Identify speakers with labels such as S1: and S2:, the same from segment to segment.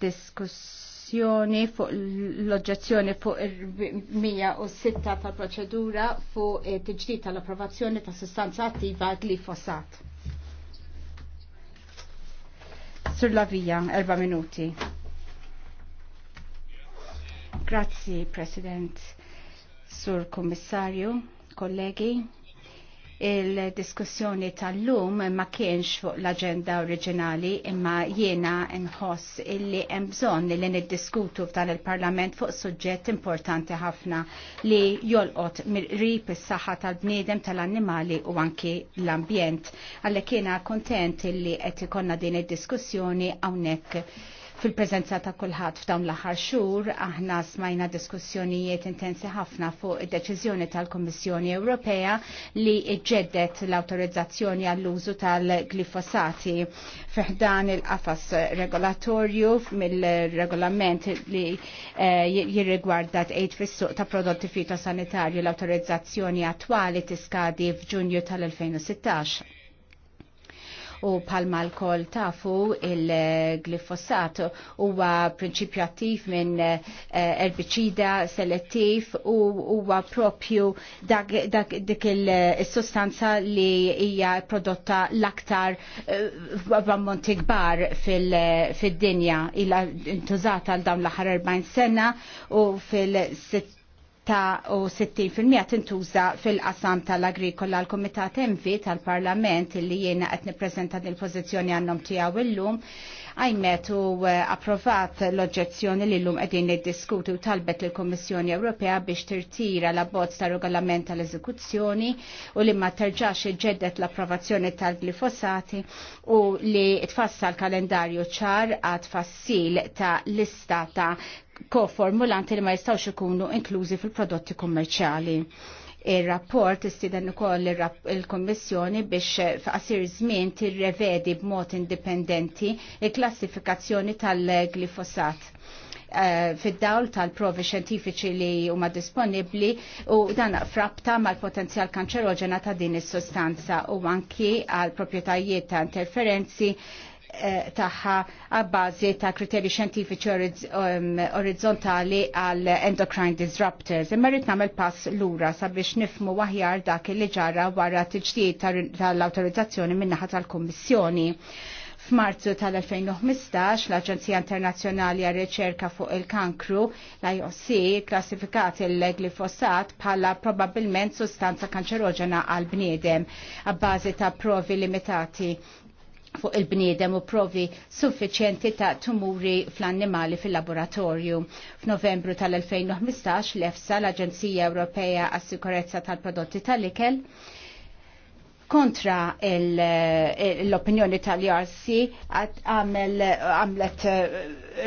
S1: diskussjoni fuq l-oġġezzjoni fuq il-106 tal-proċedura fuq t tġdid tal-approvazzjoni ta' sostanza attiva glifosat. Sur la via, erba minuti. Grazie, President, Sur Commissario, colleghi, il-diskussjoni tal-lum ma kienx fuq l-agenda oriġinali imma jiena nħoss illi hemm bżonn li niddiskutu f'dan il-Parlament fuq suġġett importanti ħafna li jolqot mir rip is-saħħa tal-bniedem tal-annimali u anki l-ambjent. Għalhekk jiena kontent illi qed ikonna din id-diskussjoni hawnhekk Fil-prezenza ta' kulħadd f'dawn l-aħħar xhur aħna smajna diskussjonijiet intensi ħafna fuq id-deċiżjoni tal-Kummissjoni Ewropea li ġeddet l awtorizzazzjoni għall-użu tal-glifosati fiħdan il-qafas regolatorju mill-regolament li eh, jirrigwarda tgħid fis-suq ta' prodotti fitosanitarju l awtorizzazzjoni attwali tiskadi f'Ġunju tal-2016 u palma l-kol tafu il-glifosat huwa prinċipju attiv minn eh, erbicida selettiv u huwa propju dak, dik il-sostanza li hija prodotta l-aktar eh, b'ammonti kbar fil-dinja il-intużata l-dawn l-aħħar 40 sena u fil-6 ta' u 60% tintuża fil-qasam tal-agrikola l-Komitat Envi tal-Parlament li jiena qed nippreżenta din il-pożizzjoni għandhom tiegħu illum għajmet u eh, approvat l-oġġezzjoni li l-lum għedin diskutu talbet l komissjoni Ewropea biex tirtira la bozz ta' regolament tal-eżekuzzjoni u li ma terġax iġeddet l-approvazzjoni tal-glifosati u li tfassal kalendarju ċar għad fassil ta' lista ta' koformulanti li ma jistawx ikunu inklużi fil-prodotti kummerċjali. Il-rapport istiden ukoll il-Kommissjoni biex f'qasir żmien tirrevedi b'mod indipendenti il-klassifikazzjoni tal-glifosat eh, fid-dawl tal-provi xjentifiċi li huma disponibbli u dan frabta mal-potenzjal kanċeroġena ta' din is-sostanza u anki għal proprjetajiet ta' interferenzi Eh, taħħa għabbażi ta' kriteri xjentifiċi um, orizzontali għal endocrine disruptors. Imma rrid nagħmel pass lura sabiex nifmu waħjar dak li ġara wara t-ġdid tal-awtorizzazzjoni min-naħa tal-Kummissjoni. F'Marzu tal-2015 l-Aġenzija Internazzjonali għar Riċerka fuq il-Kankru, l-IOC, klassifikat il-glifosat bħala probabbilment sustanza kanċeroġena għal bniedem għabbażi ta' provi limitati fuq il-bniedem u provi suffiċjenti ta' tumuri fl-annimali fil-laboratorju. F'Novembru tal-2015 l-EFSA, l-Aġenzija Ewropea għas-Sikurezza tal-Prodotti tal-Ikel, kontra eh, l-opinjoni tal jrc għamlet eh,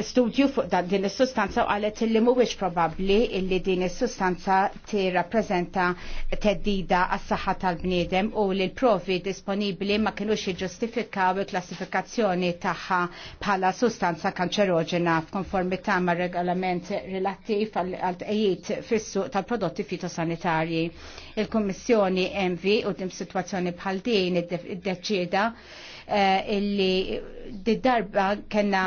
S1: studju fuq dan din is-sustanza u għalet li mhuwiex probabbli illi din is-sustanza tirrappreżenta teddida għas-saħħa tal-bniedem u li l-provi disponibbli ma kinux jiġġustifikaw il-klassifikazzjoni tagħha bħala sustanza kanċeroġena f'konformità ma' regolament relattiv għal tqejjiet fis-suq tal-prodotti fitosanitarji. Il-Kummissjoni MV u dim situazzjoni f'sitwazzjoni bħal din id-deċida eh, illi d-darba kena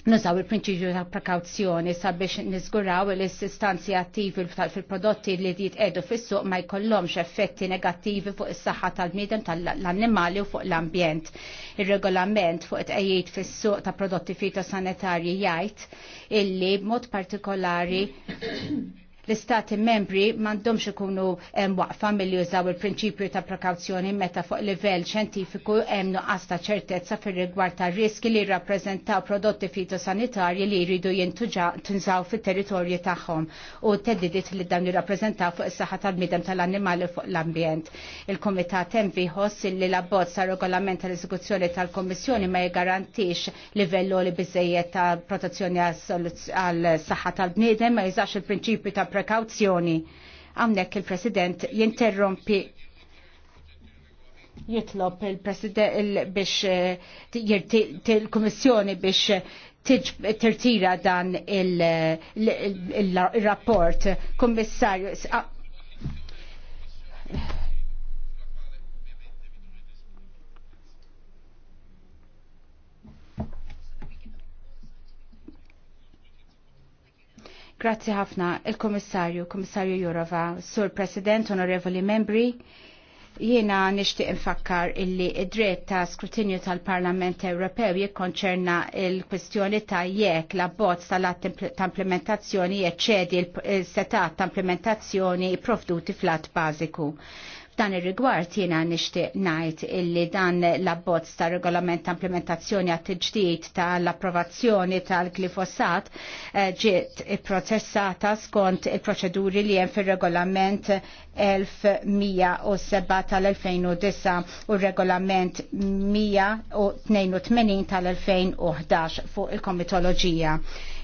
S1: Nużaw il-prinċipju ta' prekawzjoni sabiex niżguraw li s-sistanzi attivi fil-prodotti li jitqedu fis-suq ma jkollhomx effetti negattivi fuq is-saħħa tal midem tal-annimali u fuq l-ambjent. Ir-regolament fuq it-qejjiet fis-suq ta' prodotti fitosanitarji jgħid illi b'mod partikolari l-istati membri m'għandhomx ikunu hemm waqfa milli jużaw il-prinċipju ta' prekawzjoni meta fuq livell xjentifiku hemm nuqqas ta' ċertezza fir-rigward ta' riski li jirrappreżentaw prodotti fitosanitarji li jridu jintużaw fit-territorju tagħhom u teddidiet li dawn jirrappreżentaw fuq is-saħħa tal-midem tal-annimali fuq l-ambjent. Il-Kumitat hemm ħoss li l-abbozz ta' regolament tal-eżekuzzjoni tal-Kommissjoni ma jgarantix livell li biżejjed ta' protezzjoni għal-saħħa tal-bniedem ma jiżax il-prinċipju ta' prekawzjoni. Għamnek il-President jinterrompi jitlob il-President biex eh, il komissjoni biex tirtira dan il-rapport. Komissarju, Grazzi ħafna il-Komissarju, Komissarju Jurova, Sur President, Onorevoli Membri. Jiena nixtieq infakkar illi id-dritt ta' skrutinju tal-Parlament Ewropew jikkonċerna il-kwestjoni ta' jekk la bozz tal-att ta' implementazzjoni jeċċedi l-setat ta' implementazzjoni provduti fl-att bażiku. F'dan ir-rigward jiena nixtieq ngħid illi dan l-abbozz ta' regolament ta' implementazzjoni għat ġdid tal-approvazzjoni tal-glifosat eh, ġiet ipprocessata skont il-proċeduri li hemm fir-regolament 1107 tal-2009 u regolament 182 tal-2011 fuq il komitologija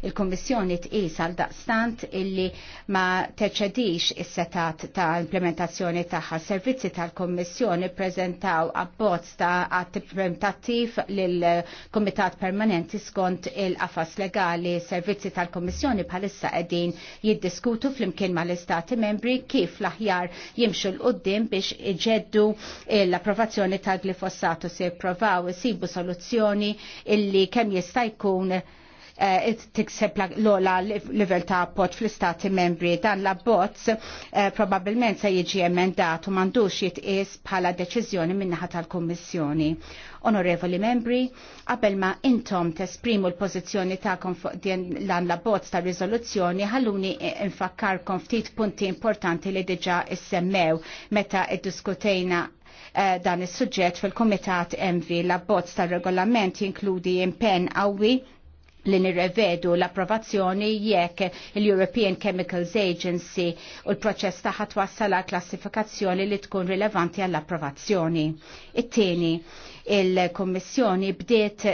S1: Il-Kommissjoni tqis għal daqstant illi ma teċedix is-setat ta' implementazzjoni tagħha. Servizzi tal-Kommissjoni prezentaw abbozz ta' għat implementattiv lill-Kumitat Permanenti skont il-qafas legali. Servizzi tal-Kommissjoni bħalissa qegħdin jiddiskutu flimkien mal-Istati membri kif l-aħjar aħjar jimxu l-qoddim biex iġeddu l-approvazzjoni tal glifossatu se jipprovaw isibu soluzzjoni illi kemm jista' jkun Eh, tikseb l-ola level ta' appot fl-istati membri dan la bozz eh, probabilment se jiġi emendat u mandux jitqis bħala deċiżjoni minnaħa tal-Kommissjoni. Onorevoli membri, qabel ma intom tesprimu l-pozizjoni ta' din lan la bozz ta' rizoluzzjoni, ħalluni e- infakkarkom ftit punti importanti li diġa issemmew meta id-diskutejna eh, dan is-suġġett fil-Kumitat MV la bozz tar regolament jinkludi impenn qawwi li nirrevedu l-approvazzjoni jekk l-European Chemicals Agency u l-proċess taħħa twassal għal klassifikazzjoni li tkun rilevanti għall-approvazzjoni. It-tieni, il-Kommissjoni bdiet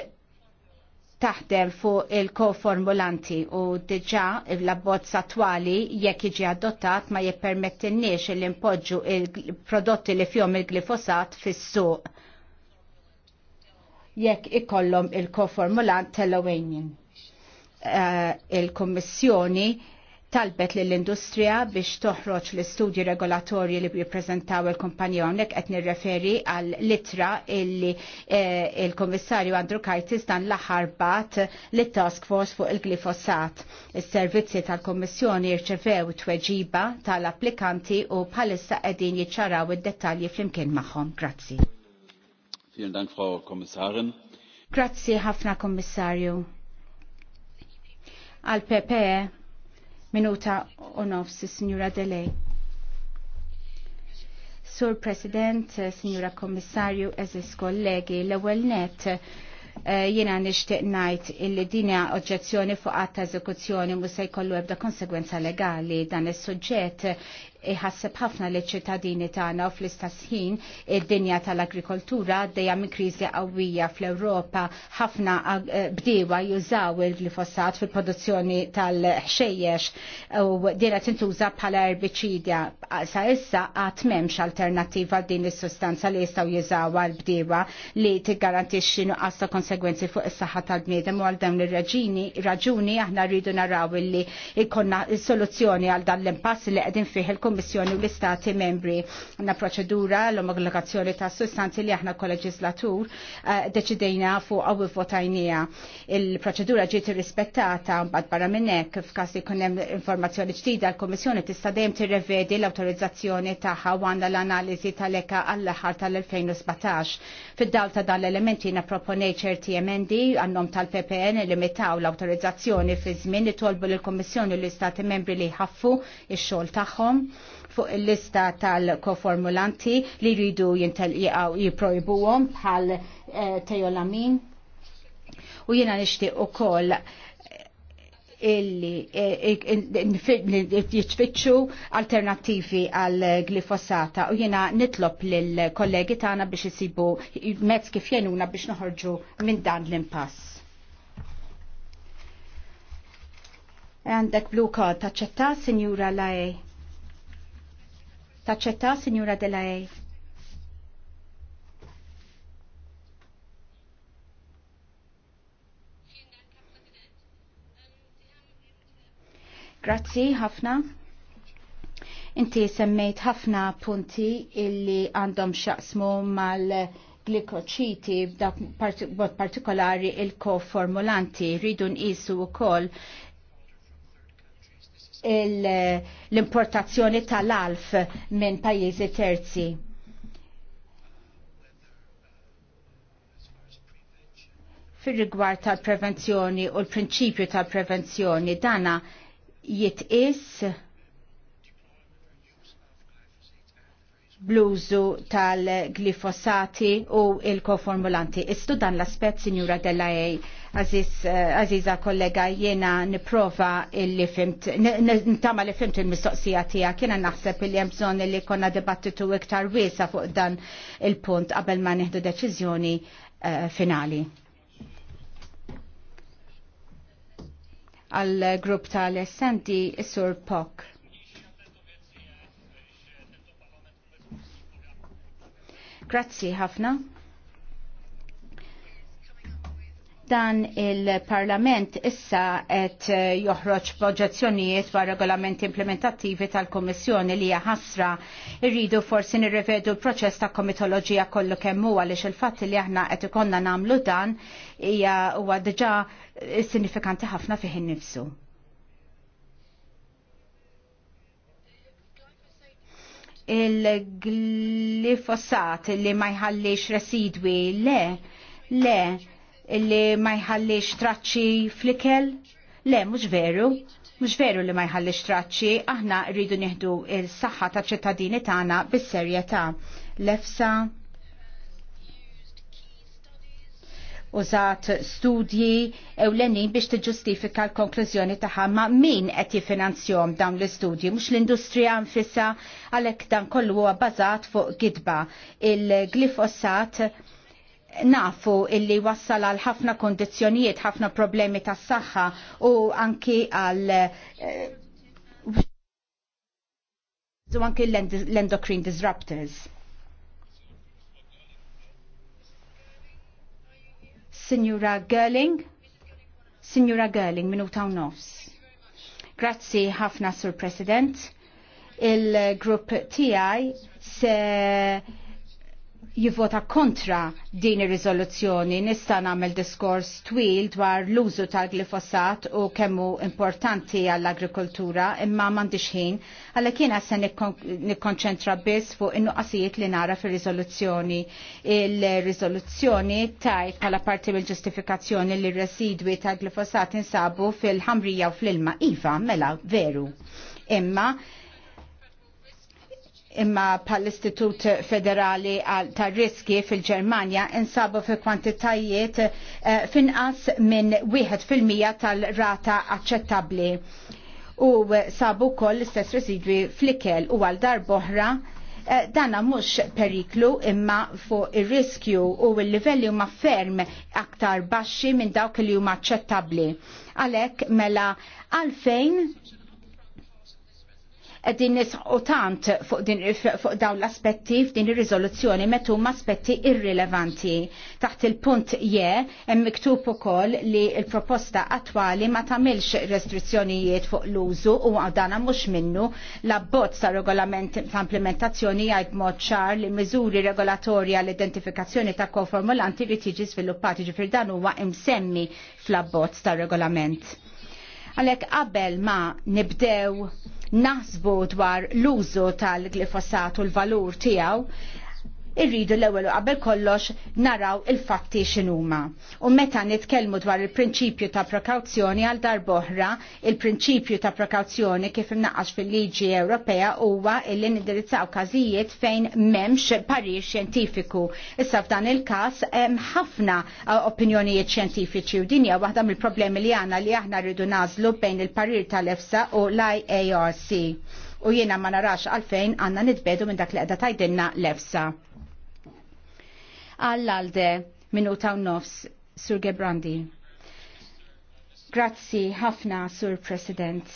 S1: taħdem fuq il-koformulanti u diġa l-abbozz attwali jekk jiġi adottat ma jippermettinniex li impoġġu il-prodotti li fjom il-glifosat fis-suq jekk ikollhom il-koformulant tal-awenjin. Eh, il-Kommissjoni talbet lill industrija biex toħroġ l-istudji regolatorji li jippreżentaw il-kumpanija hawnhekk qed nirreferi għal litra illi eh, il-Kummissarju Andrew Kajtis dan l-aħħar bat lit task force fuq il-glifosat. Is-servizzi tal-Kummissjoni irċevew tweġiba tal-applikanti u bħalissa qegħdin jiċċaraw id-dettalji flimkien magħhom. Grazzi. Vielen Dank, Frau Kommissarin. Grazzi ħafna, Kommissarju għal PPE minuta u nofs, Signora Delej. Sur President, Signora Kommissarju, eżis kollegi, l ewwel net, eh, jena nishtiq najt illi dinja oġġezzjoni fuq għatta eżekuzzjoni mu se jkollu ebda konsegwenza legali dan is suġġett iħasseb ħafna li ċittadini tagħna u fl-istess ħin id-dinja tal-agrikoltura għaddejja minn kriżi qawwija fl-Ewropa ħafna eh, bdiewa jużaw il-glifosat fil-produzzjoni tal-ħxejjex u dira tintuża bħala erbiċidja. Sa issa għad m'hemmx alternattiva din is-sustanza li jistgħu jużaw għal bdiewa li tiggarantixxi nuqqas ta' konsegwenzi fuq is-saħħa tal-bniedem u għal dawn ir-raġuni raġuni aħna rridu naraw illi s soluzzjoni għal dan l-impass li qegħdin fih il il-Kommissjoni u l-Istati membri. na proċedura l-omologazzjoni ta' sustanzi li aħna kol-leġislatur eh, deċidejna fuq għaw votajnija. Il-proċedura ġiet rispettata bad barra minnek f'kas li kunem informazzjoni ġdida l-Kommissjoni tista' dejjem tirrevedi l-autorizzazzjoni tagħha għandha l-analiżi tal-eka għall-aħħar tal-2017. Fid-dawl ta' dan l-elementi na proponej ċerti emendi għannom tal-PPN limitaw l-autorizzazzjoni fi żmien li tolbu l-Kommissjoni l-Istati membri li jħaffu ix-xogħol tagħhom fuq il-lista tal-koformulanti li jridu jintelqaw jiprojbuhom bħal eh, tejolamin. U jiena nixtieq ukoll illi eh, jitfittxu alternativi għal glifosata u jena nitlob lill-kollegi tagħna biex isibu mezz kif jenuna biex noħorġu minn dan l-impass. Għandek blu kod taċċetta, Signora Lae. Taċċetta, Signora Delaej. Grazzi ħafna. Inti semmejt ħafna punti illi għandhom xaqsmu mal- glikoċiti b'dak partikolari il-koformulanti isu nqisu wkoll l-importazzjoni tal-alf minn pajjiżi terzi. fir rigward tal-prevenzjoni u l-prinċipju tal-prevenzjoni dana jitqis bluzu tal-glifosati u il-koformulanti. Istu dan l-aspet, Signora Dellajej, Eh, Aziza kollega jena niprofa illi fimt, nintama li fimt il-mistoqsija tija, kiena naħseb illi jemżon illi konna dibattitu iktar wiesa fuq dan il-punt qabel ma neħdu deċizjoni eh, finali. Għal-grupp tal-Santi, Sur Pok. Grazzi ħafna. dan il-Parlament issa qed eh, joħroġ proġezzjonijiet wa regolamenti implementattivi tal-Kommissjoni li ħasra irridu forsi nirrevedu l-proċess ta' komitoloġija kollu kemm huwa il fat li aħna qed ikonna nagħmlu dan hija huwa diġà sinifikanti ħafna fih innifsu. il-glifosat li ma jħallix residwi le, le, illi ma jħallix traċċi flikel? Le, mhux veru. Mux veru li ma jħallix traċċi, aħna rridu nieħdu il-saħħa ta' ċittadini tagħna bis-serjetà. Lefsa użat studji ewlenin biex tiġġustifika l-konklużjoni tagħha ma' min qed jiffinanzjom dawn l-istudji mhux l-industrija nfissa għalhekk dan kollu huwa bażat fuq gidba. Il-glifosat nafu illi wassal għal ħafna kondizjonijiet, ħafna problemi tas saħħa u anki għal eh, u anki l-endocrine disruptors. Signora Gerling, Signora Gerling, minuta u nofs. Grazzi ħafna, Sur President. Il-grupp TI se jivvota kontra din ir-riżoluzzjoni nista' nagħmel diskors twil dwar l-użu tal-glifosat u kemmu importanti għall-agrikoltura imma m'għandix ħin għalhekk jiena se nikkonċentra biss fuq in-nuqqasijiet li nara fir-riżoluzzjoni. Il-riżoluzzjoni tajt bħala parti mill-ġustifikazzjoni li residwi tal-glifosat insabu fil-ħamrija u fl-ilma iva mela veru. Imma imma pal-Istitut Federali tar riski fil-Germania insabu fi kwantitajiet eh, finqas minn 1% tal-rata aċċettabbli. U eh, sabu koll l-istess residwi fl-ikel u għal dar boħra eh, dana mhux periklu imma fuq ir-riskju u l-livelli huma ferm aktar baxxi minn dawk li huma aċċettabbli. Għalhekk mela għalfejn din nisqu tant fuq, fuq dawn l-aspetti f'din ir-riżoluzzjoni metu aspetti irrilevanti. Taħt il-punt je hemm miktub ukoll li l-proposta attwali ma tagħmilx restrizzjonijiet fuq l-użu u dana mhux minnu l-abbozz ta' regolament ta' implementazzjoni jgħid mod ċar li miżuri regolatorja l-identifikazzjoni ta' koformulanti li tiġi sviluppati ġifir dan huwa imsemmi fl-abbozz ta' regolament Għalek qabel ma nibdew naħsbu dwar l-użu tal-glifosat u l-valur tijaw, irridu l-ewwel qabel kollox naraw il-fatti x'inhuma. U meta nitkellmu dwar il-prinċipju ta' prekawzjoni għal darboħra, il-prinċipju ta' prekawzjoni kif imnaqqas fil-liġi Ewropea huwa illi nindirizzaw każijiet fejn m'hemmx parir xjentifiku. Issa f'dan il-każ hemm ħafna uh, opinjonijiet xjentifiċi u dinja waħda mill-problemi li għandna li aħna rridu nażlu bejn il-parir tal-EFSA u l-IARC u jiena ma narax għalfejn għanna nitbedu minn dak li għedha tajdinna l-Efsa għall-alde minuta u nofs, Sur Gebrandi. Grazzi ħafna, Sur President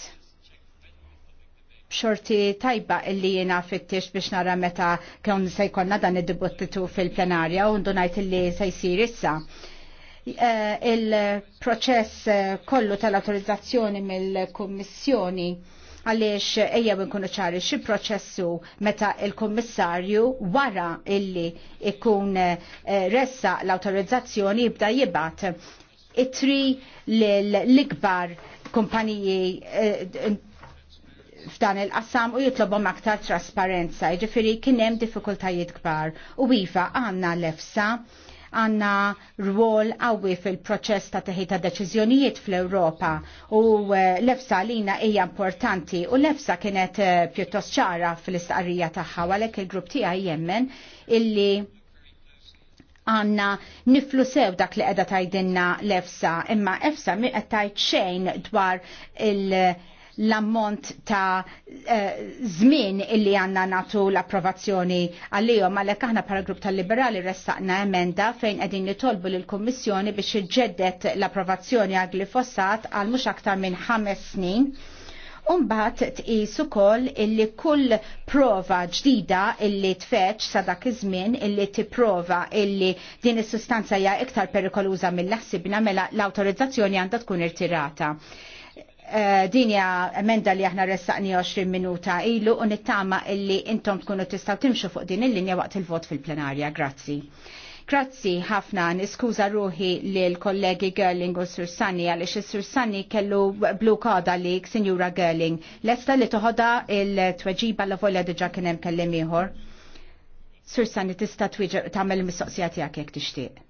S1: xorti tajba illi jena fittix biex nara meta kjon se dan id dibuttitu fil-plenarja u ndunajt illi se issa. Eh, il-proċess eh, kollu tal-autorizzazzjoni mill-Kummissjoni għaliex ejja nkunu ċari xi proċessu meta il-Kummissarju wara illi ikun eh, ressa l-autorizzazzjoni jibda jibat it-tri l-ikbar kumpaniji eh, f'dan il-qassam u jitlobhom aktar trasparenza, ġifiri kien hemm diffikultajiet kbar u iva għandna l-efsa għanna rwol għawi fil-proċess ta' teħita deċizjonijiet fl-Europa u eh, l-EFSA jina hija importanti u l-EFSA kienet eh, pjuttost ċara fil-istqarrija tagħha għalhekk il-grupp tiegħi jemmen illi għanna niflu sew dak li qiegħda tajdinna l-EFSA imma EFSA mi qed tajt xejn dwar il- l-ammont ta' eh, żmien illi għanna natu l-approvazzjoni għalihom għalhekk aħna bħala grupp tal-liberali ressaqna emenda fejn qegħdin nitolbu lill-Kummissjoni biex iġġeddet l-approvazzjoni għal glifossat għal mhux aktar minn ħames snin. Umbat tqis ukoll illi kull prova ġdida illi t sa dak iż-żmien illi tipprova illi din is-sustanza hija iktar perikoluża mill-ħsibna mela l-awtorizzazzjoni għandha tkun irtirata. Eh, dinja emenda li aħna ressaqni 20 minuta ilu u nittama illi intom tkunu tistaw timxu fuq din il-linja waqt il-vot fil-plenarja. Grazzi. Grazzi ħafna niskuża ruħi li l-kollegi Gerling u Sursani għaliex is-Sursani kellu blu koda li Sinjura Gerling. Lesta li toħoda il-tweġiba la volja diġa kien hemm kellem ieħor. Sursani tista' twieġeb tagħmel mistoqsija tiegħek jekk tixtieq.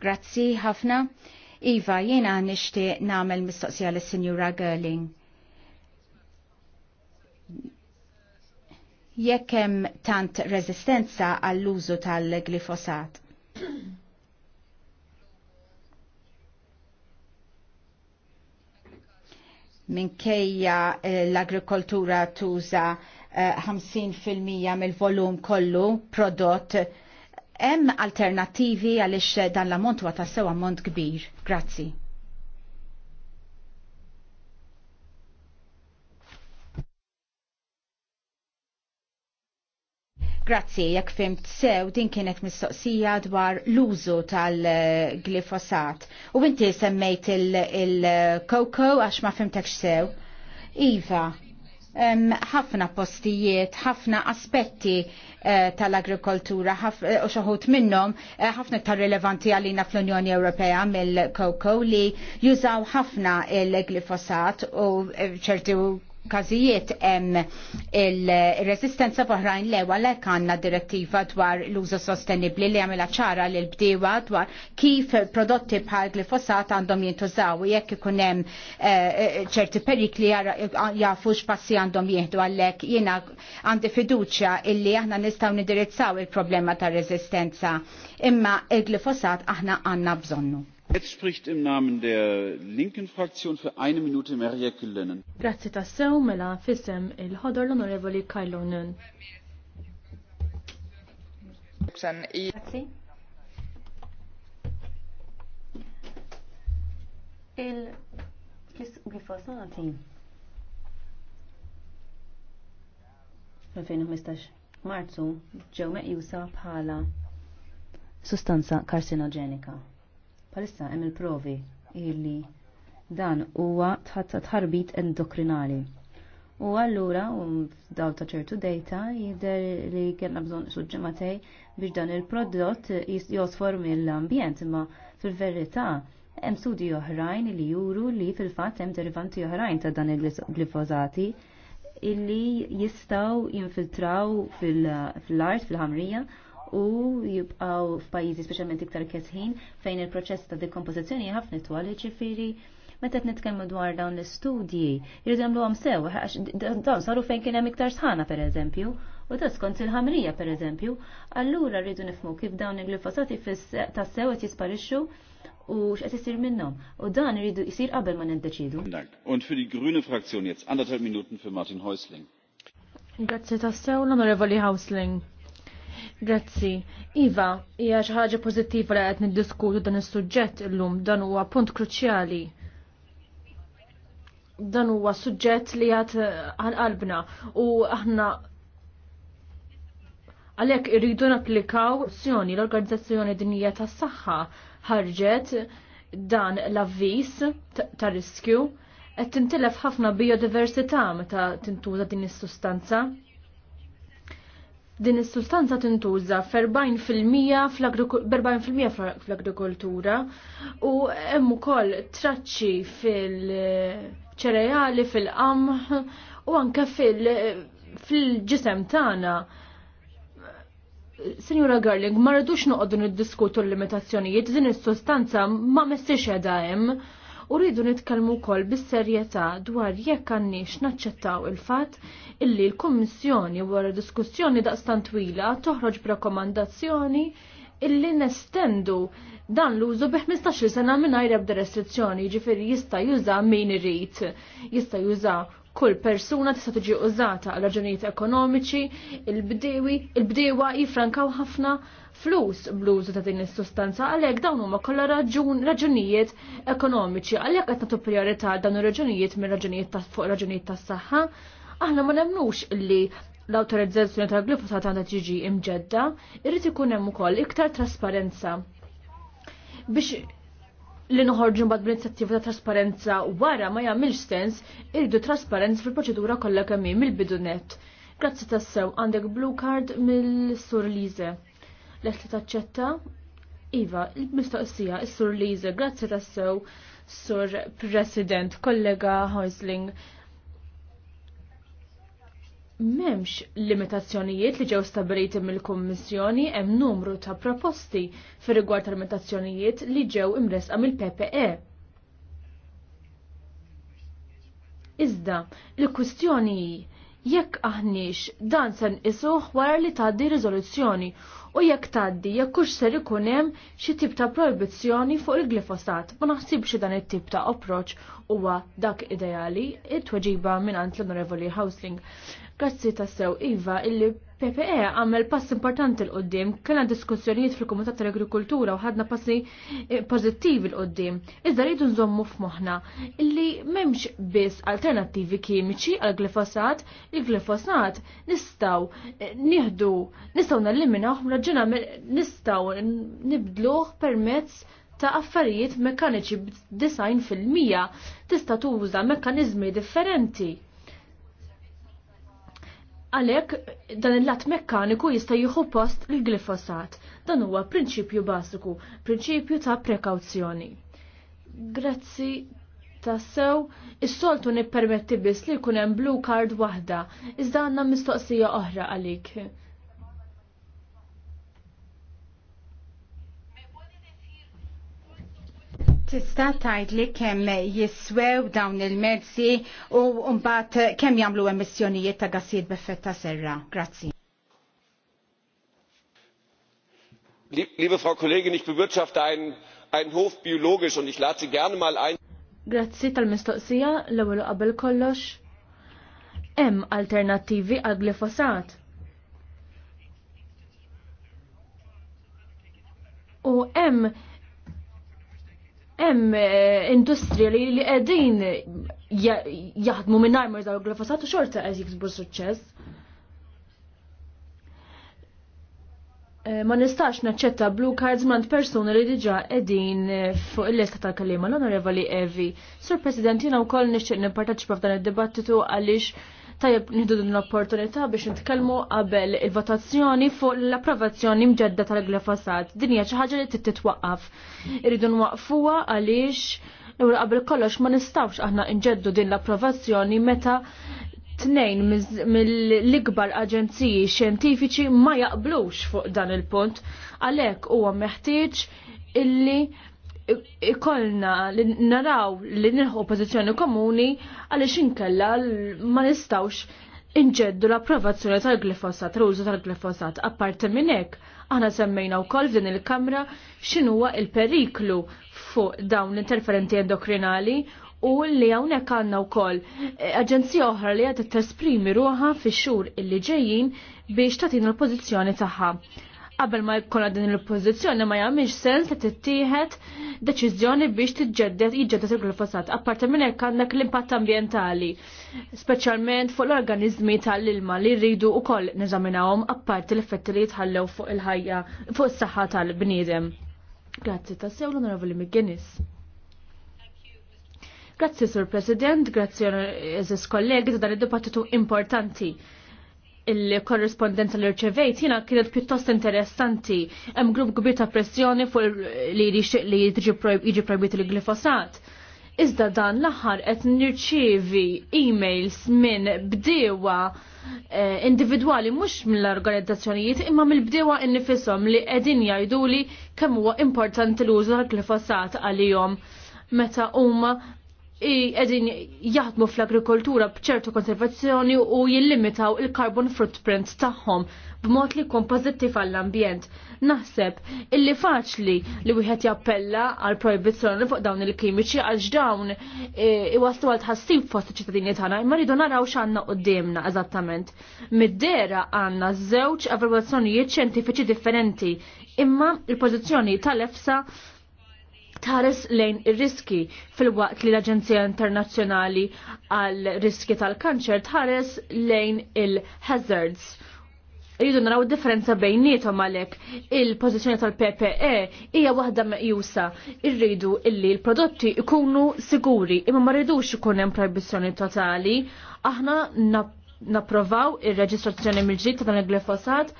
S1: Grazzi ħafna. Iva, jiena nixtieq nagħmel mistoqsija lis sinjura Gerling. Jekk hemm tant resistenza għall-użu tal-glifosat. Minkejja eh, l-agrikoltura tuża 50% eh, mill-volum kollu prodott Hemm alternattivi għaliex dan l-ammont huwa tassew ammont kbir. Grazzi. Grazzi, jekk fimt sew din kienet mistoqsija dwar l-użu tal-glifosat. U inti semmejt il-koko għax ma fimtek sew. Iva, ħafna postijiet, ħafna aspetti eh, tal-agrikoltura, eh, u xoħut minnom, eh, ħafna uh, tar rilevanti għalina fl-Unjoni Ewropea mill coco li jużaw ħafna il-glifosat u ċerti kazijiet hemm il-resistenza f'oħrajn lewa għalhekk għandna direttiva dwar l-użu sostenibli li għamilha ċara l bdiewa dwar kif prodotti bħal glifosat għandhom jintużaw jekk ikun hemm eh, ċerti perikli jafu x'passi għandhom jieħdu għalhekk jiena għandi fiduċja illi aħna nistgħu nidirizzaw il-problema tar-resistenza imma il-glifosat aħna għandna bżonnu. Jetzt spricht im Namen der linken Fraktion für eine Minute Kyllönen.
S2: tassew mela fissem il-ħodor l-onorevoli Kyllönen.
S1: Grazzi.
S2: Il-glifosati. 2015 Marzu ġew meqjusa bħala sustanza
S1: karsinogenika. Palissa hemm il-provi illi dan huwa tħarbit endokrinali. U allura, u daw ta' ċertu data,
S2: jider li kena bżon suġġematej biex dan il-prodott josfor mill-ambjent, imma fil-verità hemm studi oħrajn li juru li fil-fatt hemm
S1: derivanti oħrajn ta' dan il-glifosati illi jistaw jinfiltraw fil-art, fil-ħamrija, fil art fil ħamrija u jibqaw f'pajjiżi speċjalment iktar kesħin fejn il-proċess ta' dekompożizzjoni ħafna twal ċifiri. meta qed nitkellmu dwar
S2: dawn l-istudji jridu nagħmluhom sew dawn saru fejn kien hemm iktar sħana pereżempju u ta' skont il-ħamrija pereżempju, allura rridu nifmu kif dawn il-glifosati tas-sew qed jisparixxu u x'qed isir minnhom. U dan irridu jsir qabel ma niddeċidu.
S1: Und für die Grüne Fraktion jetzt anderthalb Minuten für Martin Häusling.
S2: Grazie tassew l-Onorevoli Häusling. Grazzi. Iva, hija xi ħaġa pożittiva li qed niddiskutu dan is-suġġett illum dan huwa punt kruċjali dan huwa suġġett li għad eh, għal-qalbna u aħna għalhekk irridu napplikaw azzjoni l-Organizzazzjoni Dinija tas-Saħħa ħarġet dan l-avviż ta' riskju qed tintilef ħafna biodiversità meta tintuża din is-sustanza. Din is-sustanza tintuża f'40% fl-agrikoltura u hemm ukoll traċċi fil-ċereali, fil-qamħ u anke fil-ġisem tagħna. Sinjura Garling, ma rridux noqogħdu niddiskutu l-limitazzjonijiet din is-sustanza ma messiex hemm u rridu nitkellmu wkoll bis-serjetà dwar jekk għandniex naċċettaw il-fatt illi l-Kummissjoni wara diskussjoni daqstant twila toħroġ b'rakkomandazzjoni illi nestendu dan l-użu bi 15 sena mingħajr ebda restrizzjoni, jiġifieri jista' juża min irid, jista' juża kull persuna tista' tiġi użata għal raġunijiet ekonomiċi, il-bdewi, il-bdewa jifrankaw ħafna flus bluzu ta' din is-sustanza għalhekk dawn huma kollha raġun raġunijiet ekonomiċi għalhekk qed nagħtu priorità dawn ir-raġunijiet minn raġunijiet ta' fuq raġunijiet tas-saħħa. Aħna ma nemmnux li l-awtorizzazzjoni tal-glifosat għandha tiġi imġedda, irrid ikun hemm ukoll iktar trasparenza. Biex li noħorġu mbagħad bl-inizjattiva ta' trasparenza wara ma jagħmilx sens irridu trasparenza fil-proċedura kollha kemm mill-bidu net. Grazzi tassew għandek blue card mill-Sur Lise. Lest li taċċetta? Iva, l mistoqsija s-sur Liza, grazzi tassew, sur President, kollega Hoisling. Memx limitazzjonijiet li ġew stabiliti mill-Kommissjoni hemm numru ta' proposti fir rigward tal limitazzjonijiet li ġew imresqa mill-PPE. Iżda, il-kwistjoni jekk aħniex dan sen isuħ wara li tgħaddi rizoluzzjoni. u jekk tgħaddi jekk hux ser ikun hemm xi tip ta' proibizzjoni fuq il-glifosat. Ma naħsibx dan it-tip ta' approċċ huwa dak ideali it-tweġiba mingħand l-Onorevoli Housling. Grazzi tassew Iva illi PPE e għamel pass importanti l-qoddim, kena diskussjonijiet fil-Komitat tal-Agrikultura u ħadna passi eh, pozittivi l-qoddim. Iżda rridu nżommu f'moħħna illi m'hemmx biss alternattivi kimiċi għal glifosat, il-glifosat nistgħu eh, nieħdu nistgħu nalliminaw raġuna nistgħu nibdluh permezz ta' affarijiet mekkaniċi b'design fil-mija tista' tuża mekkaniżmi differenti Għalhekk dan il-lat mekkaniku jista' jieħu post il-glifosat. Dan huwa prinċipju bażiku, prinċipju ta' prekawzjoni. Grazzi tassew, is-soltu nippermetti biss li jkun hemm blue card waħda, iżda għandna mistoqsija oħra
S1: għalik. tista' tajt li kem jiswew dawn il medzi u mbagħad kemm jagħmlu emissjonijiet ta' gassijiet b'effett ta' serra. Grazzi. Liebe Frau Kollegin, ich bewirtschafte einen, einen Hof biologisch und ich lade Sie gerne mal ein.
S2: Grazzi tal-mistoqsija l-ewwel qabel kollox. Hemm alternattivi għal glifosat. U hemm hemm eh, industrija li li qegħdin jaħdmu minn armor daw glifosat u xorta qed jiksbu suċċess. Eh, ma nistax naċċetta blue cards mand persuna li diġa qegħdin eh, fuq il-lista tal-kalima l-onorevoli Evi. Sur President, jiena u koll nixtieq nipparteċipa f'dan id-dibattitu għaliex Tajab nħidu din l-opportunità biex nitkellmu qabel il-votazzjoni fuq l-approvazzjoni mġedda tal-glifosat. Din hija xi ħaġa li trid titwaqqaf. Irridu nwaqfuha għaliex qabel kollox ma nistawx aħna nġeddu din l-approvazzjoni meta tnejn mill-ikbar aġenziji xjentifiċi ma jaqblux fuq dan il-punt. Għalhekk huwa meħtieġ illi ikollna li naraw li nilħu pożizzjoni komuni għaliex inkella ma nistawx inġeddu l-approvazzjoni tal-glifosat, l-użu tal-glifosat. Apparti minn hekk, aħna semmejna wkoll f'din il-Kamra x'inhuwa il-periklu fuq dawn l-interferenti endokrinali u li hawnhekk għandna wkoll eh, aġenzija oħra li qed tesprimi ruħha fix-xhur illi ġejjin biex tagħtina l-pożizzjoni tagħha qabel ma jkollha din il-pożizzjoni ma jagħmilx sens li tittieħed deċiżjoni biex tiġġedded jiġġedded il-glifosat. Apparti minn hekk għandek l-impatt ambjentali, speċjalment fuq l-organizmi tal-ilma li rridu wkoll neżaminawhom apparti l-effetti li jitħallew fuq il-ħajja fuq is-saħħa tal-bniedem. Grazzi tassew l-Onorevoli McGuinness. Grazzi, Sur President, grazzi, eżis kollegi, ta' dan id-dibattitu importanti il-korrespondenza li rċevejt jina kienet pjuttost interessanti. Hemm grupp kbir ta' pressjoni fuq li jixtieq li jiġi projbit il-glifosat. Iżda dan l-aħħar qed nirċievi emails minn bdewa eh, individwali mhux mill-organizzazzjonijiet imma mill-bdewa innifisom li qegħdin jgħiduli kemm huwa importanti l-użu tal-glifosat għalihom meta huma edin jaħdmu fl-agrikoltura bċertu konservazzjoni u jillimitaw il-carbon footprint tagħhom b'mod li jkun pożittiv għall-ambjent. Naħseb illi faċli li wieħed jappella għal proibizzjoni fuq dawn il-kimiċi għalx dawn e, iwaslu għal tħassib fost iċ-ċittadini tagħna, imma rridu naraw x'għandna quddiemna eżattament. Mid-dera għandna żewġ evalwazzjonijiet xjentifiċi differenti, imma il-pożizzjoni tal-EFSA tħares lejn ir-riski fil-waqt li l-Aġenzija Internazzjonali għal riski tal-kanċer tħares lejn il-hazards. Rridu naraw differenza bejnietom għalhekk il-pożizzjoni tal-PPE hija waħda meqjusa. Irridu illi l-prodotti ikunu siguri imma ma rridux ikun hemm proibizzjoni totali. Aħna napprovaw ir-reġistrazzjoni mill-ġdid ta' dan il-glifosat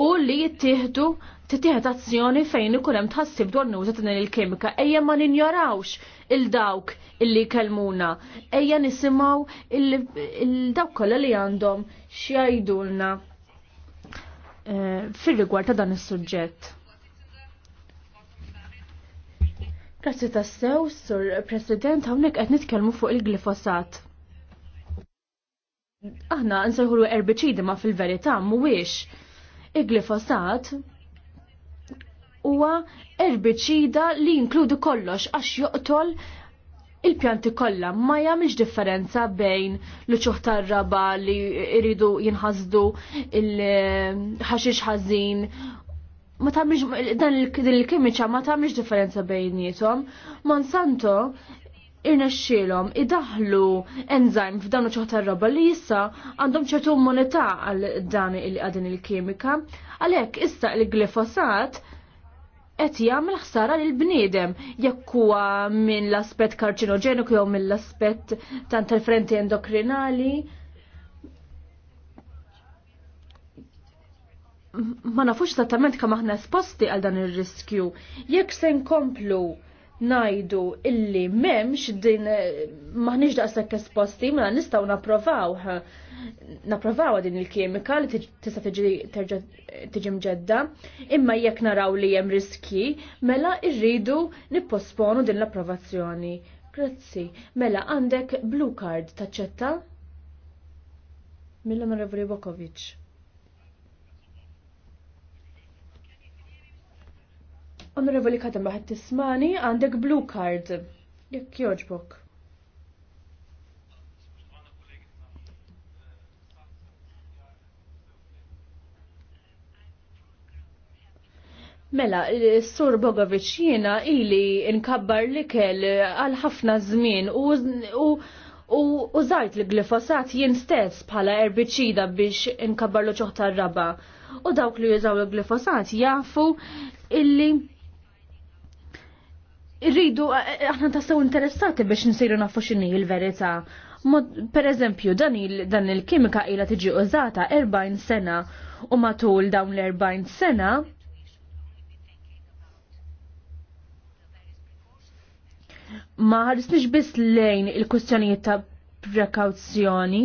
S2: u li jittieħdu titieħed azzjoni fejn ikun hemm tħassib dwar nuża din il-kimika ejja ma ninjorawx il-dawk illi kelmuna. Ejja nisimgħu il-dawk kollha li għandhom x'jgħidulna eh, fir-rigward ta' dan is-suġġett. Grazzi tassew, Sur President, hawnhekk qed nitkellmu fuq il-glifosat. Aħna nsejħu erbiċidi ma fil-verità mhuwiex il-glifosat huwa erbiċida li jinkludi kollox għax joqtol il-pjanti kollha ma jagħmilx differenza bejn l ċuħ tar-raba li jridu jinħasdu il-ħaxix ħażin ma tagħmilx dan il-kimiċa ma tagħmilx differenza bejn bejniethom. Monsanto irnexxielhom idaħlu enzajm f'dan uċuħ tar li issa għandhom ċertu immunità għal dan il qadin il-kimika. Għalhekk issa il-glifosat qed jagħmel ħsara lil bniedem jekk huwa minn l-aspett karċinoġeniku jew mill aspett tal-frenti endokrinali. Ma nafux esattament kemm aħna esposti għal dan ir-riskju. Jekk se nkomplu najdu illi memx din maħniġ daqsek esposti ma mela nistaw naprovaw naprovaw din il-kimika li tista tiġi mġedda imma jekk naraw li jem riski mela irridu nipposponu din l-approvazzjoni. Grazzi. Mela għandek blue card taċċetta? Mill-Onorevoli Bokovic. Onorevoli Kadem baħet tismani, għandek blue card. Jekk joġbok. Mela, Sur Bogovic jiena ili nkabbar li kell għal ħafna żmien u u użajt li glifosat jien stess bħala erbiċida biex nkabbar l ċoħta raba. U dawk li jużaw l glifosat jafu illi irridu eh, eh, aħna tassew interessati biex nsiru nafu x'inhi l-verità. Per eżempju, dan il-kimika ila tiġi użata 40 sena u matul dawn l-40 sena ma ħarisniex biss lejn il-kustjonijiet ta' prekawzjoni,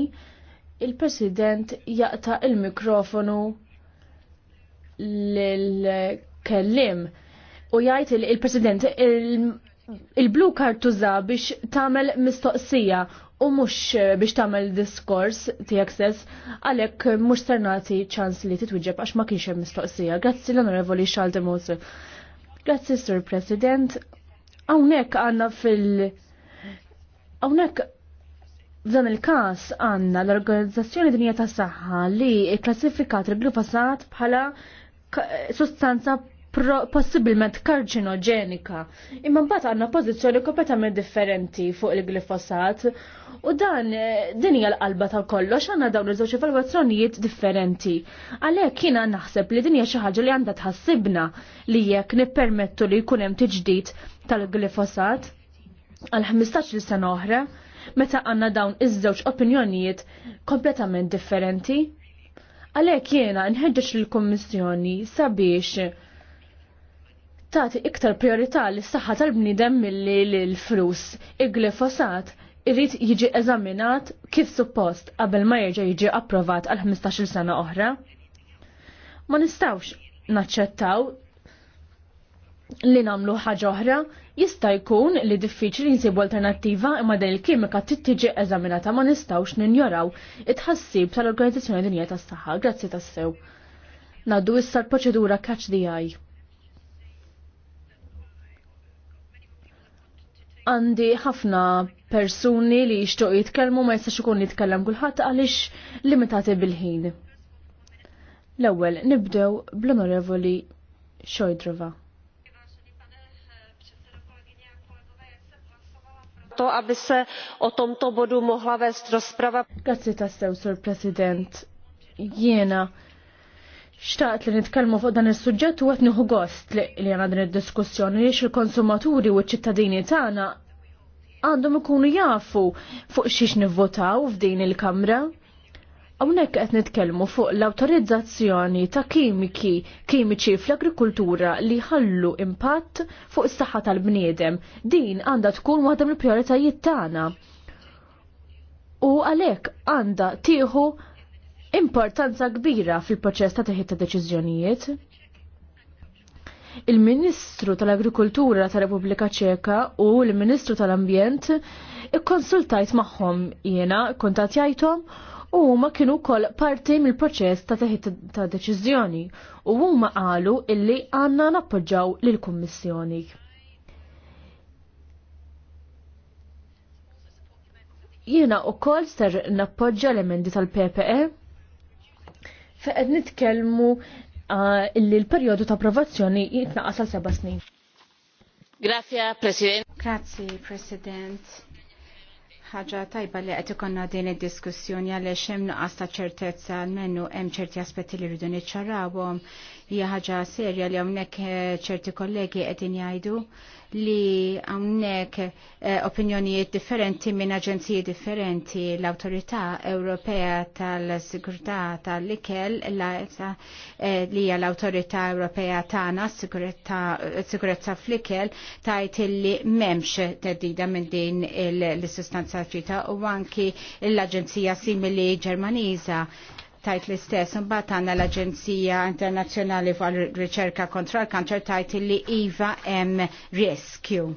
S2: il-President jaqta' il-mikrofonu lil-kellim u jgħid il-President il-blue card tuża biex tagħmel mistoqsija u mhux eh, biex tagħmel diskors tiegħek stess għalhekk mhux ser nagħti ċans li titwieġeb għax ma kienx hemm mistoqsija. Grazzi l-Onorevoli Charles Mosu. Grazzi Sir President. Hawnhekk għandna fil- Hawnhekk F'dan il-kas għanna l-Organizzazzjoni Dinja ta' Saħħa li klassifikat il glufasat bħala sostanza possibilment karċinogenika. Imma mbagħad għandna pożizzjoni kompletament differenti fuq il-glifosat u dan eh, din hija l-qalba ta' kollox għandna dawn iż-żewġ evalwazzjonijiet differenti. Għalhekk jiena naħseb li din hija xi ħaġa li għandha tħassibna li jekk nippermettu li jkun hemm tiġdid tal-glifosat għal 15 sena oħra meta għanna dawn iż-żewġ opinjonijiet kompletament differenti. Għalhekk jiena nħeġġeġ lill-Kummissjoni sabiex Tati iktar priorità s saħħa tal-bniedem milli l-flus. Il-glifosat irrit jiġi eżaminat kif suppost qabel ma jerġa' jiġi approvat għal 15-il sena oħra. Ma nistawx naċċettaw li namlu ħaġa oħra, jista' jkun li diffiċli nsibu alternattiva imma din il-kimika tittiġi eżaminata ma nistgħux ninjoraw it-ħassib tal-Organizzazzjoni Dinja tas-Saħħa. Grazzi tassew. Naddu issa l-proċedura catch the eye. għandi ħafna persuni li jishtuq jitkellmu ma jistax ikun jitkellem kulħadd għaliex limitati bil-ħin. L-ewwel nibdew bl-Onorevoli Xojdrova. to, aby se o tomto bodu mohla vést rozprava. Grazie tassew, Sur President. Jiena Xtaqt li nitkellmu fuq dan is-suġġett u qed nieħu gost li għandna din id-diskussjoni li il-konsumaturi u ċ-ċittadini tagħna għandhom ikunu jafu fuq xiex nivvotaw f'din il-Kamra. Hawnhekk qed nitkellmu fuq l-awtorizzazzjoni ta' kimiki kimiċi fl-agrikultura li ħallu impatt fuq is-saħħa tal-bniedem. Din għandha tkun waħda mill-prijoritajiet tagħna. U għalhekk għandha tieħu importanza kbira fil-proċess ta' teħid ta' deċiżjonijiet. Il-Ministru tal-Agrikultura tal-Repubblika Ċeka u l-Ministru tal-Ambjent ikkonsultajt magħhom jiena, kontatjajtom u huma kienu wkoll parti mill-proċess ta' teħid ta' deċiżjoni u huma qalu illi għandna nappoġġaw lill-Kummissjoni. Jiena u kol ser nappoġġa l-emendi tal-PPE se nitkellmu ah, l-perjodu ta' approvazzjoni jitnaqas għal seba' snin.
S1: Grazie, President. Grazie, President ħaġa tajba li qed ikonna din id-diskussjoni għaliex hemm nuqqas ta' ċertezza almenu hemm ċerti aspetti li rridu niċċarawhom hija ħaġa serja li hawnhekk eh, ċerti kollegi qegħdin jgħidu li hawnhekk eh, opinjonijiet differenti minn aġenziji differenti l awtorità Ewropea tal-Sigurtà tal-Ikel eh, li hija l awtorità Ewropea tagħna sigurezza fl-Ikel tajt li m'hemmx teddida minn din l-sustanza fita u anki l-Aġenzija simili Ġermaniża tajt l-istess, mbagħad għandna l-Aġenzija Internazzjonali għal Riċerka kontra l-Kanċer tajt li iva M Rescue.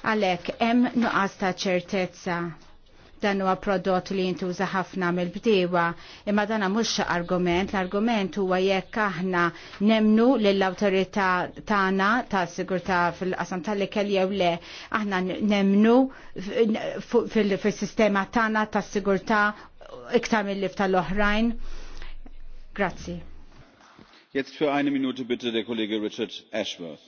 S1: Għalhekk hemm nuqqas ta' ċertezza dan huwa prodott li jintuża ħafna mill-bdiewa, imma dan mhux argument, l-argument huwa jekk aħna nemnu lill-awtorità tagħna tas-sigurtà fil-qasam tal-ikel jew le, aħna nemnu fil-sistema tagħna tas-sigurtà iktar mill-lif tal-oħrajn. Grazzi. Jetzt für eine Minute bitte der Kollege Richard Ashworth.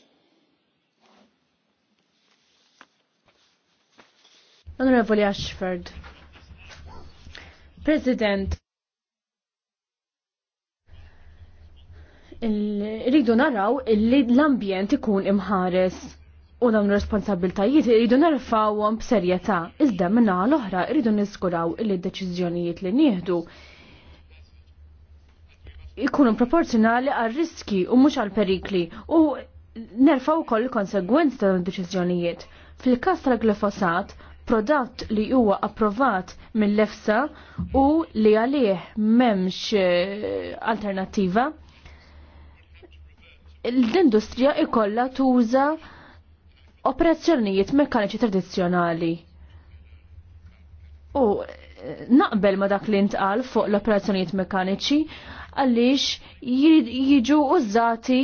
S2: Honorable Ashford. President, il-ridu naraw il illi l ambient ikun imħares u dawn responsabiltajiet iridu nerfawhom b'serjetà, iżda minna l-oħra iridu niskuraw li d-deċiżjonijiet li nieħdu ikunu proporzjonali għal riski u mhux għal perikli u nerfaw ukoll konsegwenzi ta' d deċiżjonijiet. Fil-każ tal-glifosat, prodott li huwa approvat mill-EFSA u li għalih memx eh, alternativa, l-industrija ikolla tuża operazzjonijiet mekkaniċi tradizzjonali. U eh, naqbel ma dak li ntqal fuq l-operazzjonijiet mekkaniċi għaliex jiġu użati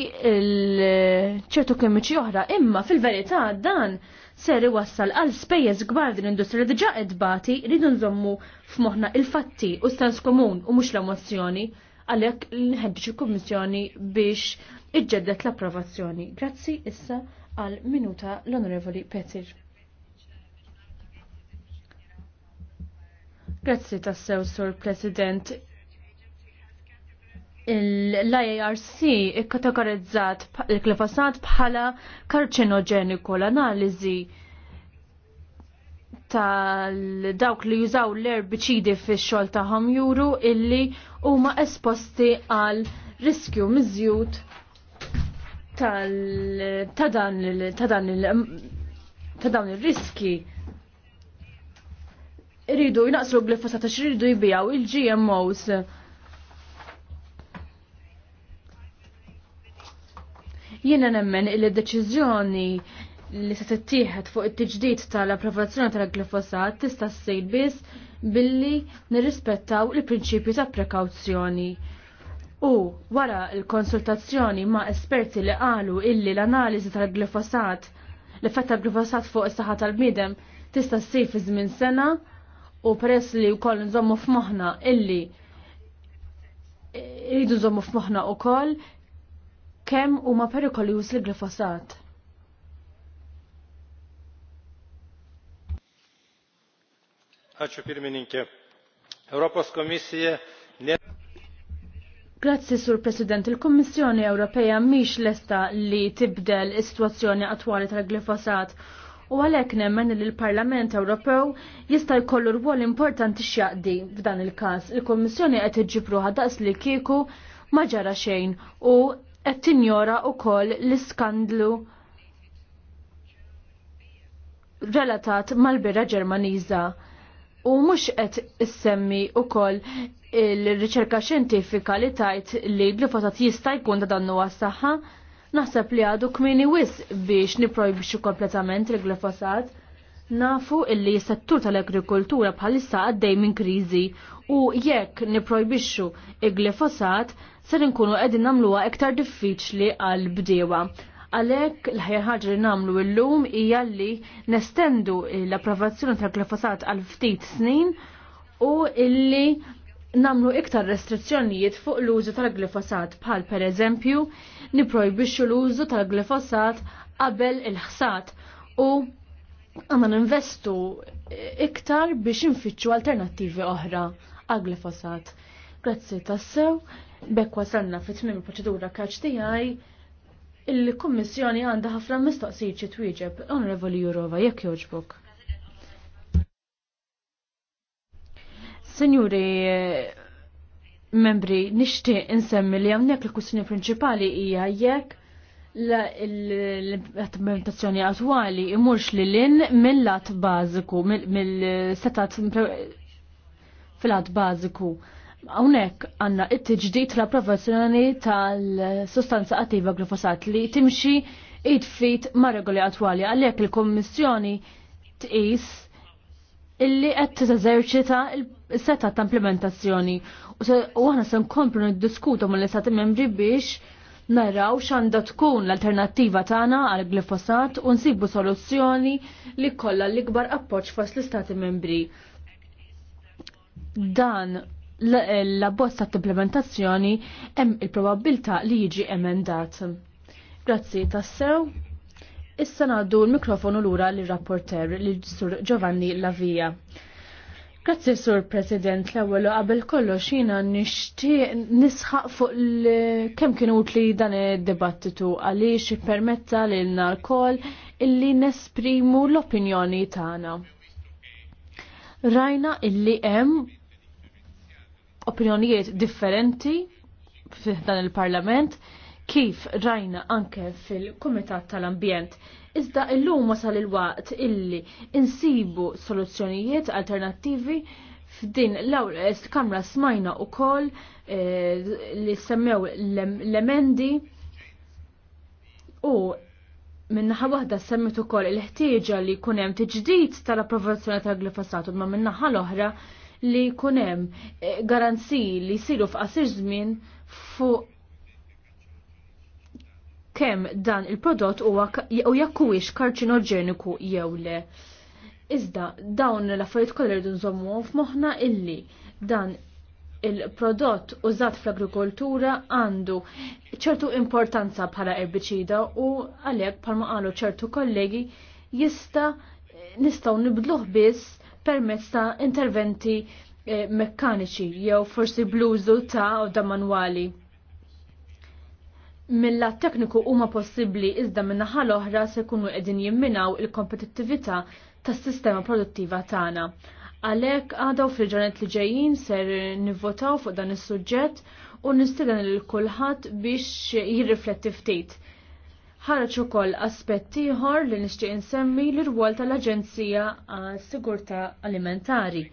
S2: ċertu kimiċi oħra, imma fil-verità dan ser wassal għal spejjeż gbar din industrija li diġà bati rridu nżommu f'moħħna il-fatti u sens komun u mhux l-emozzjoni għalhekk nħeġġu il-Kummissjoni biex iġġeddet l-approvazzjoni. Grazzi issa għal minuta l-Onorevoli Petir. Grazzi tassew, Sur President. L-IARC kategorizzat il-glifosat bħala karċenogeniku l-analizi tal-dawk li jużaw l erbicidi fix xol taħom juru illi huma esposti għal riskju miżjud ta' dan il-riski iridu jnaqsru glifosat għax iridu jibijaw il-GMOs. Jiena nemmen il-deċiżjoni li se tittieħed fuq it-tiġdid tal-approvazzjoni tal-glifosat tista' ssir biss billi nirrispettaw il-prinċipju ta' prekawzjoni. U wara l-konsultazzjoni ma' esperti li qalu illi l-analiżi tal-glifosat l-effett tal-glifosat fuq is-saħħa tal bidem tista' ssir fi żmien sena u peress li wkoll nżommu f'moħħna illi jridu nżommu f'moħħna wkoll kemm huma perikoli perikolus l-glifosat. Ačiū pirmininkė. Europos komisija Grazzi, Sur President. Il-Kommissjoni Ewropea miex lesta li tibdel is-sitwazzjoni attwali tal-glifosat u għalhekk nemmen li l-Parlament Ewropew jista' jkollu rwol importanti x'jaqdi f'dan il-każ. Il-Kummissjoni qed iġġibruha daqs li kieku ma ġara xejn u qed tinjora wkoll l-iskandlu relatat mal-bira Ġermaniża u mhux qed issemmi wkoll il-riċerka xjentifika li tajt li glifosat jista' jkun ta' dannu għas-saħħa, naħseb li għadu kmini wis biex niprojbixu kompletament il-glifosat. Nafu illi settur tal-agrikoltura bħalissa għaddej minn kriżi u jekk niprojbixxu il-glifosat ser inkunu qegħdin nagħmluha iktar diffiċli għal bdiewa. Għalhekk l-ħajja ħaġa li nagħmlu llum hija li nestendu l-approvazzjoni tal-glifosat għal ftit snin u illi namlu iktar restrizzjonijiet fuq l-użu tal-glifosat bħal per eżempju niprojbixxu l-użu tal-glifosat qabel il-ħsat u għanna ninvestu iktar biex nfittxu alternattivi oħra għal glifosat. Grazzi tassew, bekk wasalna fit tmim il-proċedura kaċ il-Kummissjoni għandha ħafna mistoqsijiet twieġeb Onorevoli Jurova jekk joġbok. Senjuri, membri, nixtieq insemmi li hawnhekk il kustjoni prinċipali hija jekk l-implementazzjoni attwali imurx li l-in mill-lat bażiku, mill-setat fil-lat bażiku. Hawnhekk għandna it-tiġdid l-approvazzjoni tal sustanza attiva glifosat li timxi id-fit ma' regoli attwali għalhekk il-Kommissjoni tqis illi qed teżerċita l-seta ta' implementazzjoni. U aħna se nkomplu niddiskutu mal-istati membri biex naraw x'għandha tkun l-alternattiva tagħna għal glifosat u nsibu soluzzjoni li kollha l-ikbar appoġġ fost l-Istati Membri. Dan l-abbozz ta' implementazzjoni hemm il probabilità li jiġi emendat. Grazzi tassew. Issa naddu l-mikrofonu lura l-rapporter l-Sur Giovanni Lavija. Grazzi Sur President l-ewwel qabel kollox jiena nixtieq nisħaq fuq kemm kienu utli dan id-dibattitu għaliex ippermetta lilna l illi nesprimu l-opinjoni tagħna. Rajna illi hemm opinjonijiet differenti f'dan il-Parlament, kif rajna anke fil-Kumitat tal-Ambjent. Iżda illum wasal il-waqt illi insibu soluzzjonijiet alternattivi f'din l-kamra smajna u koll eh, li semmew l-emendi u minnaħa waħda semmit ukoll il-ħtieġa li kunem tiġdid tal-approvazzjoni tal-glifosatu ma minnaħa l-oħra li kunem eh, garanziji li jsiru f'qasir żmien fuq kemm dan il-prodott huwa u jakkuwix karċinoġeniku jew le. Iżda dawn l-affarijiet kollha rridu nżommu f'moħħna illi dan il-prodott użat fl-agrikoltura għandu ċertu importanza bħala erbiċida u għalhekk bħalma qalu ċertu kollegi jista nistgħu nibdluh biss permezz ta' interventi eh, mekkaniċi jew forsi bluzu ta' u da' manwali Milla tekniku huma possibbli iżda min-naħa l-oħra se jkunu qegħdin jimminaw il-kompetittività tas-sistema produttiva tagħna. Għalhekk għadaw fil-ġranet li ġejjin ser nivvotaw fuq dan is-suġġett u nistieden lil kulħadd biex jirrifletti ftit. Ħareġ ukoll aspett ieħor li nixtieq insemmi l-irwol tal-Aġenzija għas-Sigurtà Alimentari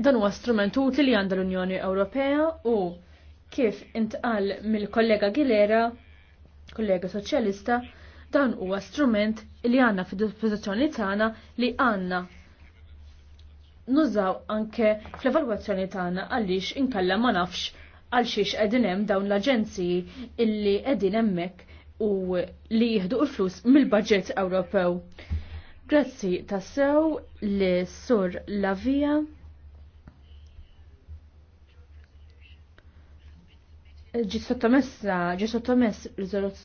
S2: dan huwa strument li għandha l-Unjoni Ewropea u Kif intqal mill-kollega Gilera, kollega soċjalista, dan huwa strument li għanna fid-dispożizzjoni tagħna li għanna nużaw anke fl-evalwazzjoni tagħna għaliex inkalla ma nafx għal xiex qegħdin hemm dawn l-aġenziji illi qegħdin hemmhekk u li jieħdu l-flus mill-budget Ewropew. Grazzi tassew li sur Lavija. ġi sottomessa, ġi sottomess riżoluzzjoni.